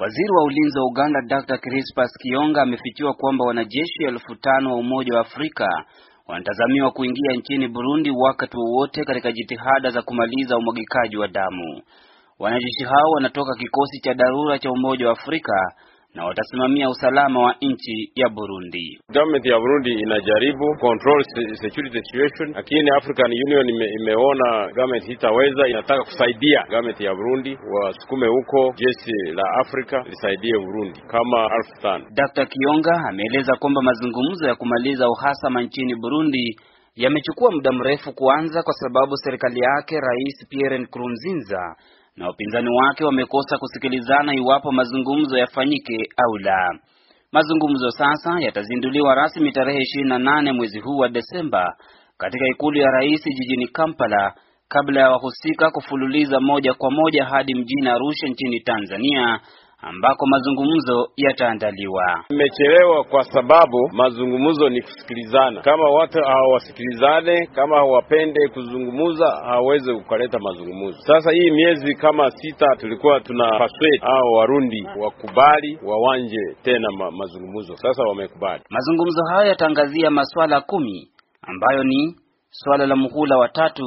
Waziri wa ulinzi wa Uganda Dr. Crispas Kionga amefichua kwamba wanajeshi elfu tano wa Umoja wa Afrika wanatazamiwa kuingia nchini Burundi wakati wowote katika jitihada za kumaliza umwagikaji wa damu. Wanajeshi hao wanatoka kikosi cha dharura cha Umoja wa Afrika na watasimamia usalama wa nchi ya Burundi. Government ya Burundi inajaribu control security situation, lakini African Union ime, imeona government itaweza inataka kusaidia government ya Burundi wasukume huko jeshi la Afrika lisaidie Burundi kama elfu tano. Dr. Kionga ameeleza kwamba mazungumzo ya kumaliza uhasama nchini Burundi yamechukua muda mrefu kuanza kwa sababu serikali yake Rais Pierre Nkurunziza na wapinzani wake wamekosa kusikilizana iwapo mazungumzo yafanyike au la. Mazungumzo sasa yatazinduliwa rasmi tarehe 28 mwezi huu wa Desemba katika ikulu ya rais jijini Kampala kabla ya wahusika kufululiza moja kwa moja hadi mjini Arusha nchini Tanzania ambako mazungumzo yataandaliwa. Imechelewa kwa sababu mazungumzo ni kusikilizana. Kama watu hawasikilizane, kama hawapende kuzungumza, hawawezi kukaleta mazungumzo. Sasa hii miezi kama sita tulikuwa tunapaswe hao Warundi wakubali wawanje tena ma mazungumzo. Sasa wamekubali. Mazungumzo hayo yataangazia masuala kumi ambayo ni swala la muhula wa tatu,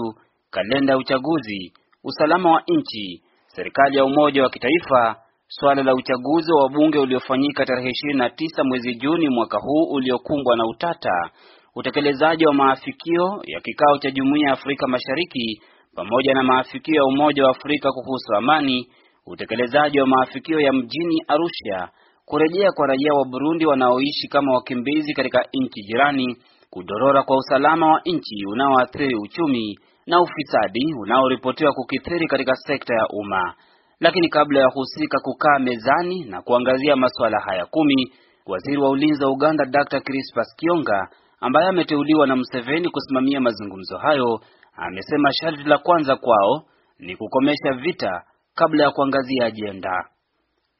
kalenda ya uchaguzi, usalama wa nchi, serikali ya umoja wa kitaifa suala la uchaguzi wa wabunge uliofanyika tarehe 29 mwezi Juni mwaka huu uliokumbwa na utata, utekelezaji wa maafikio ya kikao cha Jumuiya ya Afrika Mashariki pamoja na maafikio ya Umoja wa Afrika kuhusu amani, utekelezaji wa maafikio ya mjini Arusha, kurejea kwa raia wa Burundi wanaoishi kama wakimbizi katika nchi jirani, kudorora kwa usalama wa nchi unaoathiri uchumi na ufisadi unaoripotiwa kukithiri katika sekta ya umma. Lakini kabla ya kuhusika kukaa mezani na kuangazia masuala haya kumi, waziri wa ulinzi wa Uganda Dr. Crispas Kionga ambaye ameteuliwa na Museveni kusimamia mazungumzo hayo amesema sharti la kwanza kwao ni kukomesha vita kabla ya kuangazia ajenda.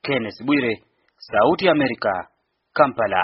Kenneth Bwire, Sauti ya Amerika, Kampala.